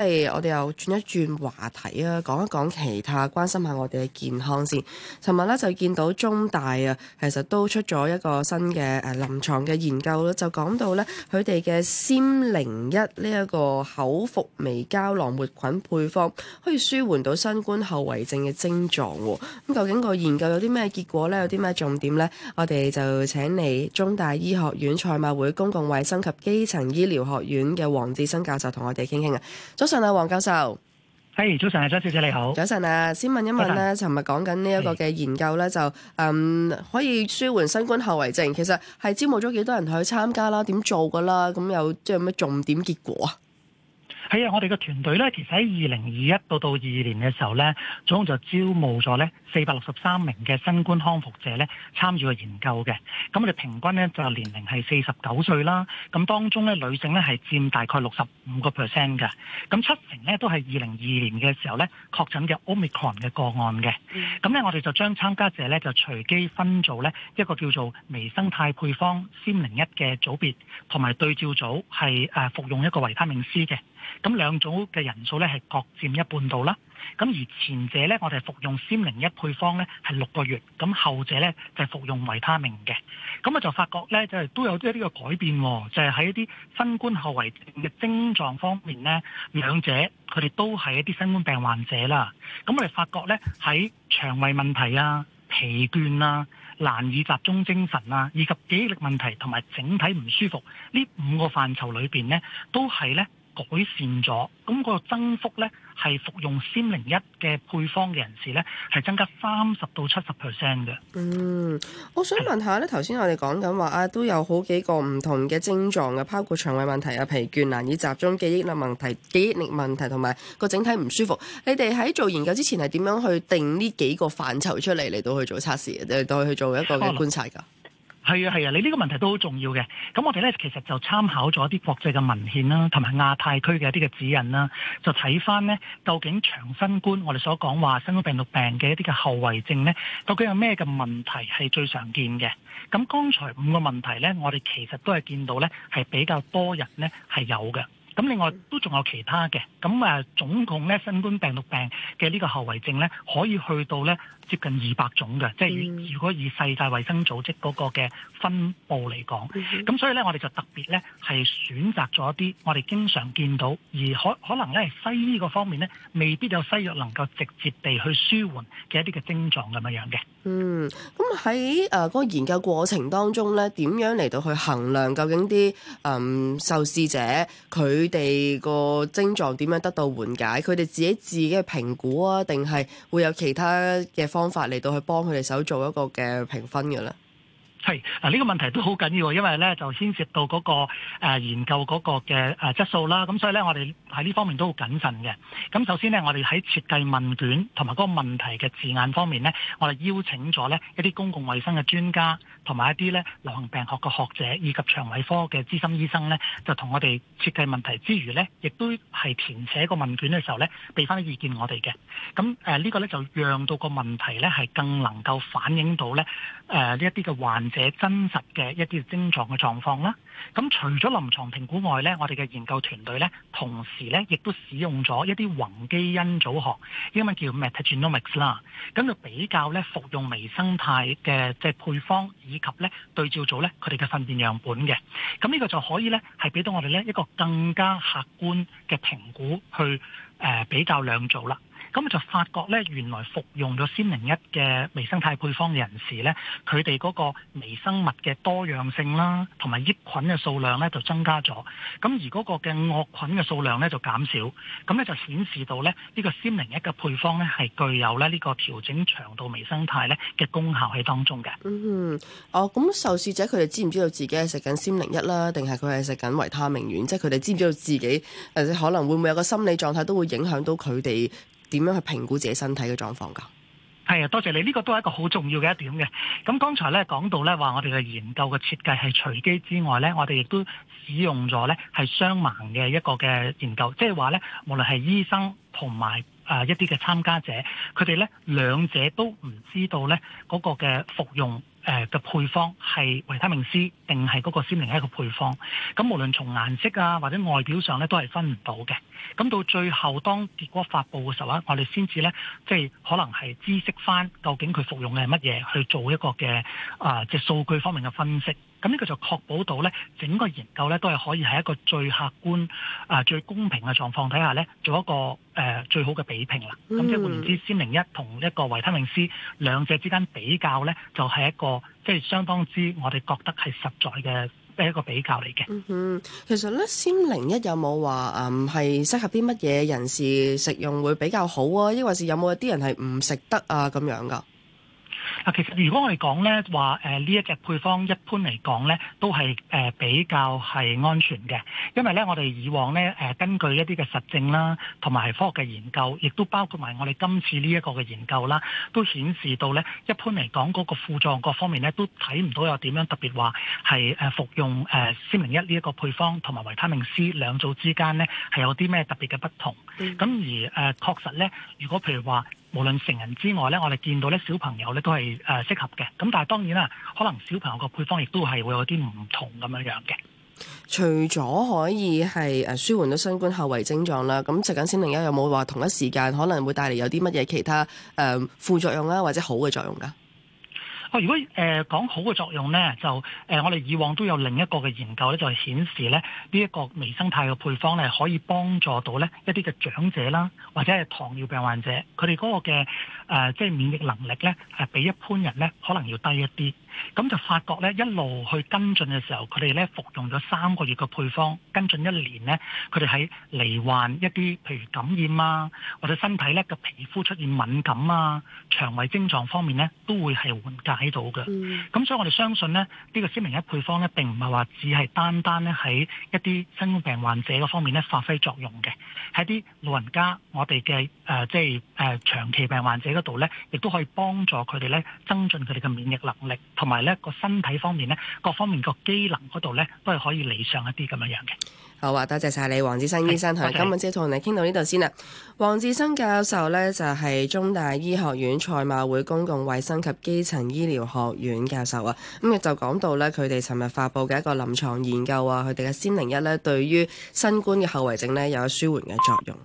誒，hey, 我哋又轉一轉話題啊，講一講其他關心下我哋嘅健康先。尋日咧就見到中大啊，其實都出咗一個新嘅誒、呃、臨牀嘅研究咯，就講到咧佢哋嘅仙零一呢一個口服微膠囊活菌配方，可以舒緩到新冠後遺症嘅症狀喎。咁、嗯、究竟個研究有啲咩結果咧？有啲咩重點咧？我哋就請嚟中大醫學院賽馬會公共衛生及基層醫療學院嘅黃至生教授同我哋傾傾啊。早晨啊，黃教授。係、hey，早晨啊，張小姐你好。早晨啊，先問一問咧，尋日講緊呢一個嘅研究咧，就嗯可以舒緩新冠後遺症，其實係招募咗幾多人去參加啦？點做噶啦？咁有即係有咩重點結果啊？係啊，我哋個團隊咧，其實喺二零二一到到二年嘅時候咧，總共就招募咗咧四百六十三名嘅新冠康復者咧參與個研究嘅。咁我哋平均咧就年齡係四十九歲啦。咁當中咧女性咧係佔大概六十五個 percent 嘅。咁七成咧都係二零二二年嘅時候咧確診嘅 Omicron 嘅個案嘅。咁咧、嗯、我哋就將參加者咧就隨機分組咧一個叫做微生態配方 C 零一嘅組別，同埋對照組係誒服用一個維他命 C 嘅。咁兩組嘅人數咧係各佔一半度啦。咁而前者咧，我哋服用 SIM01 配方咧係六個月，咁後者咧就是、服用維他命嘅。咁我就發覺咧，就係、是、都有啲呢個改變、哦，就係、是、喺一啲新冠後遺症嘅症狀方面咧，兩者佢哋都係一啲新冠病患者啦。咁我哋發覺咧喺腸胃問題啊、疲倦啊、難以集中精神啊，以及記憶力問題同埋整體唔舒服呢五個範疇裏邊咧，都係咧。改善咗，咁個增幅咧係服用 SIM01 嘅配方嘅人士咧係增加三十到七十 percent 嘅。嗯，我想問下咧，頭先我哋講緊話啊，都有好幾個唔同嘅症狀嘅，包括腸胃問題啊、疲倦、難以集中、記憶力問題、記憶力問題同埋個整體唔舒服。你哋喺做研究之前係點樣去定呢幾個範疇出嚟嚟到去做測試，誒，到去做一個嘅觀察噶？Oh, no. 係啊，係啊，你呢個問題都好重要嘅。咁我哋咧其實就參考咗一啲國際嘅文獻啦，同埋亞太區嘅一啲嘅指引啦，就睇翻呢，究竟長新冠，我哋所講話新冠病毒病嘅一啲嘅後遺症呢，究竟有咩嘅問題係最常見嘅？咁剛才五個問題呢，我哋其實都係見到呢，係比較多人呢係有嘅。咁另外都仲有其他嘅。咁啊總共呢，新冠病毒病嘅呢個後遺症呢，可以去到呢，接近二百種嘅，即係、嗯、如果以世界衛生組織嗰個嘅分布嚟講，咁、嗯、所以咧，我哋就特別咧係選擇咗一啲我哋經常見到而可可能咧西醫個方面咧未必有西藥能夠直接地去舒緩嘅一啲嘅症狀咁樣樣嘅。嗯，咁喺誒個研究過程當中咧，點樣嚟到去衡量究竟啲誒、嗯、受試者佢哋個症狀點樣得到緩解？佢哋自己自己去評估啊，定係會有其他嘅方方法嚟到去幫佢哋手做一個嘅評分嘅咧？係，嗱呢個問題都好緊要，因為咧就牽涉到嗰個、那個、呃、研究嗰個嘅誒質素啦，咁所以咧我哋喺呢方面都好謹慎嘅。咁首先呢，我哋喺設計問卷同埋嗰個問題嘅字眼方面呢，我哋邀請咗呢一啲公共衞生嘅專家同埋一啲咧流行病學嘅學者以及腸胃科嘅資深醫生呢，就同我哋設計問題之餘呢，亦都係填寫個問卷嘅時候呢，俾翻啲意見我哋嘅。咁誒呢個呢，就讓到個問題呢係更能夠反映到咧誒呢一啲嘅患者真實嘅一啲症狀嘅狀況啦，咁除咗臨床評估外咧，我哋嘅研究團隊咧，同時咧亦都使用咗一啲宏基因組學，英文叫 metagenomics 啦，咁就比較咧服用微生態嘅即係配方以及咧對照組咧佢哋嘅糞便樣本嘅，咁呢個就可以咧係俾到我哋咧一個更加客觀嘅評估去誒比較兩組啦。咁就發覺呢，原來服用咗先零一嘅微生態配方嘅人士呢，佢哋嗰個微生物嘅多樣性啦，同埋益菌嘅數量呢，就增加咗。咁而嗰個嘅惡菌嘅數量呢，就減少。咁呢，就顯示到呢，呢、這個先零一嘅配方呢，係具有呢呢、這個調整腸道微生態呢嘅功效喺當中嘅。嗯，哦，咁受試者佢哋知唔知道自己係食緊先零一啦，定係佢係食緊維他命丸？即係佢哋知唔知道自己，或者可能會唔會有個心理狀態都會影響到佢哋？點樣去評估自己身體嘅狀況㗎？係啊，多謝你呢個都係一個好重要嘅一點嘅。咁剛才咧講到咧話，我哋嘅研究嘅設計係隨機之外咧，我哋亦都使用咗咧係雙盲嘅一個嘅研究，即係話咧，無論係醫生同埋啊一啲嘅參加者，佢哋咧兩者都唔知道咧嗰個嘅服用。誒嘅、呃、配方係維他命 C 定係嗰個先另一個配方，咁無論從顏色啊或者外表上咧都係分唔到嘅。咁到最後當結果發佈嘅時候咧、啊，我哋先至咧即係可能係知識返究竟佢服用嘅係乜嘢去做一個嘅啊即係數據方面嘅分析。咁呢個就確保到呢，整個研究呢都係可以喺一個最客觀、啊、呃、最公平嘅狀況底下呢，做一個誒、呃、最好嘅比拼啦。咁、嗯、即係換言之，先零一同一個維他命 C 兩者之間比較呢，就係、是、一個即係、就是、相當之我哋覺得係實在嘅一個比較嚟嘅。嗯，其實呢，先零一有冇話誒係適合啲乜嘢人士食用會比較好啊？抑或是有冇啲人係唔食得啊咁樣噶？啊，其實如果我哋講呢話，誒呢、呃、一隻配方一般嚟講呢都係誒、呃、比較係安全嘅，因為呢我哋以往咧誒、呃、根據一啲嘅實證啦，同埋科學嘅研究，亦都包括埋我哋今次呢一個嘅研究啦，都顯示到呢一般嚟講嗰個副作用各方面呢都睇唔到有點樣特別話係誒服用誒 C 零一呢一個配方同埋維他命 C 兩組之間呢係有啲咩特別嘅不同。咁、嗯、而誒確、呃、實呢，如果譬如話，無論成人之外咧，我哋見到咧小朋友咧都係誒適合嘅。咁但係當然啦，可能小朋友個配方亦都係會有啲唔同咁樣樣嘅。除咗可以係誒舒緩到新冠後遺症狀啦，咁食緊先另一有冇話同一時間可能會帶嚟有啲乜嘢其他誒、呃、副作用啊，或者好嘅作用噶？如果誒、呃、講好嘅作用呢，就誒、呃、我哋以往都有另一個嘅研究咧，就係、是、顯示咧呢一、這個微生態嘅配方咧，可以幫助到呢一啲嘅長者啦，或者係糖尿病患者，佢哋嗰個嘅誒即係免疫能力呢，係比一般人呢可能要低一啲。咁就發覺咧，一路去跟進嘅時候，佢哋咧服用咗三個月嘅配方，跟進一年咧，佢哋喺罹患一啲譬如感染啊，或者身體咧嘅皮膚出現敏感啊、腸胃症狀方面咧，都會係緩解到嘅。咁、嗯、所以我哋相信咧，呢、呢個鮮明一配方咧並唔係話只係單單咧喺一啲生病患者嗰方面咧發揮作用嘅，喺啲老人家我哋嘅誒即係誒、呃、長期病患者嗰度咧，亦都可以幫助佢哋咧增進佢哋嘅免疫能力。同埋咧，個身體方面咧，各方面個機能嗰度咧，都係可以理想一啲咁樣樣嘅。好啊，多謝晒你，黃至生醫生。好，今日先同你傾到呢度先啦。黃至生教授咧就係、是、中大醫學院賽馬會公共衛生及基層醫療學院教授啊。咁佢就講到咧，佢哋尋日發布嘅一個臨床研究啊，佢哋嘅先靈一咧對於新冠嘅後遺症咧有舒緩嘅作用。